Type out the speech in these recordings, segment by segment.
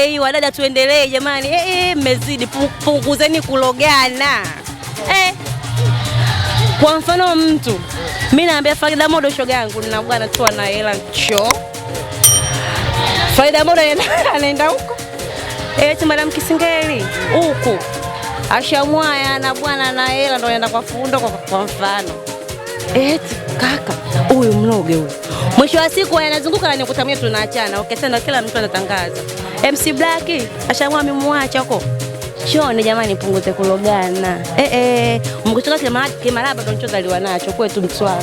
Hey, wadada tuendelee jamani, mmezidi hey, punguzeni kulogana hey. Kwa mfano mtu mi naambia Farida Modo shoga yangu nabwana tu ana hela cho Farida Modo anaenda huko eti madam Kisingeli huku ashamwaya na bwana na hela ndo anaenda kwa fundo kwa, kwa mfano eti kaka huyu mloge huyu, mwisho wa siku anazunguka na nikutamia tunaachana, okay, kila mtu anatangaza MC Black ashamua amemwacha huko Chone jamani, punguze kulogana eh, eh, mkuchoka kimalaba ndo nichozaliwa nacho kwetu Mtwara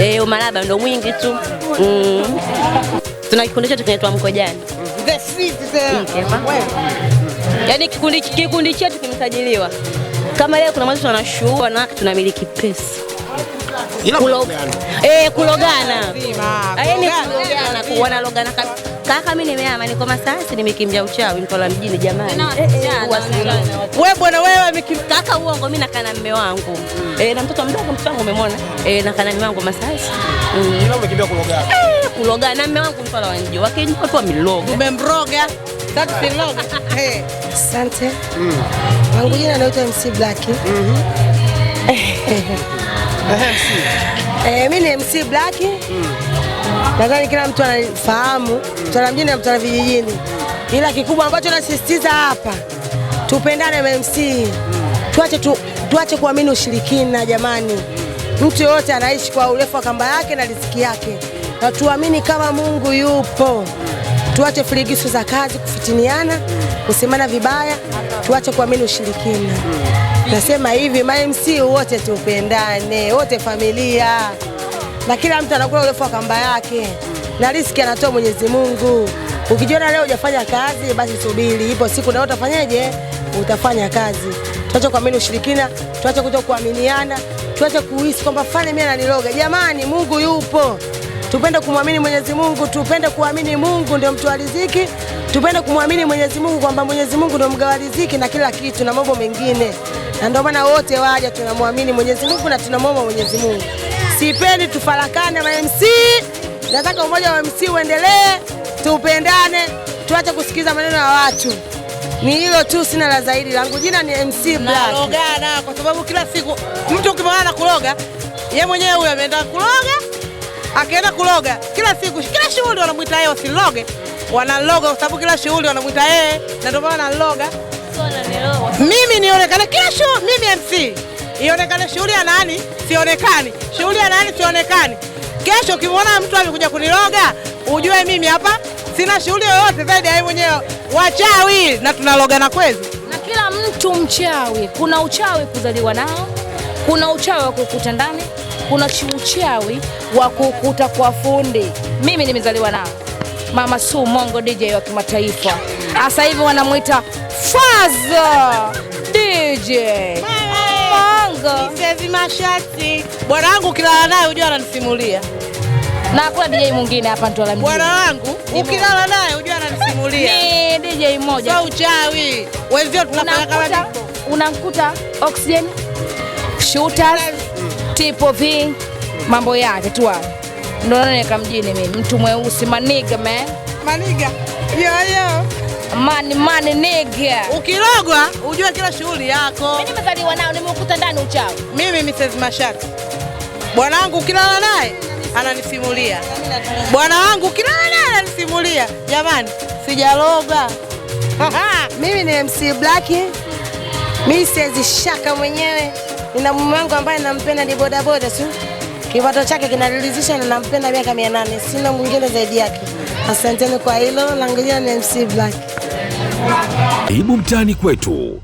eh, umaraba ndo mwingi tu mm. Tuna kikundi chetu kinaitwa Mkojani yaani kikundi, kikundi chetu kimesajiliwa kama leo. Kuna mwanzo tunashuhua na tunamiliki pesa Kulo, eh, kulogana yaani kulogana Kulogana. Kulogana. Kaka, mimi nimeama, niko Masasi, nimekimbia uchawi, niko la mjini jamani. Eh, eh, wewe bwana wewe kaka, uongo. Mimi nakaa na mume wangu mm. Eh, na mtoto mdogo, mtoto wangu umemwona, Eh, na mume wangu Masasi. Umekimbia mm. kuloga eh, kuloga na mume wangu, mtu anajua wakinijua tu miloga, umemroga Sasa si Eh, Asante mm. wangu, jina naitwa MC Black. Mhm. Eh, Mimi ni MC Black nadhani kila mtu anafahamu mtwara mjini na mtwara vijijini, ila kikubwa ambacho nasisitiza hapa, tupendane MMC, tuache tu, tuache kuamini ushirikina jamani. Mtu yoyote anaishi kwa urefu wa kamba yake na riziki yake, na tuamini kama Mungu yupo. Tuache filigisu za kazi, kufitiniana, kusemana vibaya, tuache kuamini ushirikina. Nasema hivi, MMC wote tupendane, wote familia na kila mtu anakula urefu wa kamba yake, na riziki anatoa Mwenyezi Mungu. Ukijiona leo hujafanya kazi, basi subiri, ipo siku na utafanyaje? Utafanya kazi. Tuache kuamini ushirikina, tuache kuto kuaminiana, tuache kuhisi kwamba fani mimi ananiloga. Jamani, Mungu yupo, tupende kumwamini Mwenyezi Mungu, tupende kuamini Mungu ndio mtu wa riziki, tupende kumwamini Mwenyezi Mungu kwamba Mwenyezi Mungu ndio mgawa riziki na kila kitu na mambo mengine, na ndio maana wote waja tunamwamini Mwenyezi Mungu na tunamwomba Mwenyezi Mungu sipendi tufarakane ma MC. Nataka umoja wa MC uendelee, tupendane, tuache kusikiza maneno ya watu. Ni hilo tu, sina la zaidi. Langu jina ni MC Black. Nalogana kwa sababu kila siku mtu ukimwona na kuloga, ye mwenyewe huyo ameenda kuloga, akaenda kuloga kila siku, kila shughuli wanamwita yeye, wasiloge, wanaloga kwa sababu kila shughuli wanamwita yeye, na ndio maana analoga. Mimi nionekane kila shughuli, mimi MC ionekane shughuli ya nani sionekani, shughuli ya nani sionekani. Kesho ukimwona mtu amekuja kuniloga, ujue mimi hapa sina shughuli yoyote zaidi ya yeye mwenyewe. Wachawi na tunaloga na kwezi, na kila mtu mchawi. Kuna uchawi kuzaliwa nao, kuna uchawi wa kukuta ndani, kuna uchawi wa kukuta kwa fundi. Mimi nimezaliwa nao. Mama Su Mongo DJ wa kimataifa, hasa hivi wanamwita Faza DJ. Sevi mashati. Bwana wangu ukilala naye unajua ananisimulia. Na hakuna DJ mwingine hapa Ntola mjini. Bwana wangu ukilala naye unajua ananisimulia. Ni DJ mmoja. so uchawi. Wenzio tunafanya kama ndipo. Unamkuta Oxygen, Shooters, Tipo V, mambo yake tu hayo. Ndio naona nikamjini mimi, mtu mweusi maniga man. Maniga. Yo yo. Money, money, nigga. Ukirogwa ujue kila shughuli yako. Mimi nimezaliwa nao, nimekuta ndani uchao. Mimi Mrs. Mashati. Bwana wangu ukilala naye ananisimulia. Bwana wangu ukilala naye ananisimulia. Jamani, sijaroga. Mimi ni MC Black. Mrs. shaka mwenyewe. Nina mume wangu ambaye nampenda ni boda boda tu. Kipato chake kinalizisha na nampenda miaka 800. Sina mwingine zaidi yake. Asanteni kwa hilo. Langojea ni MC Black ibu mtaani kwetu.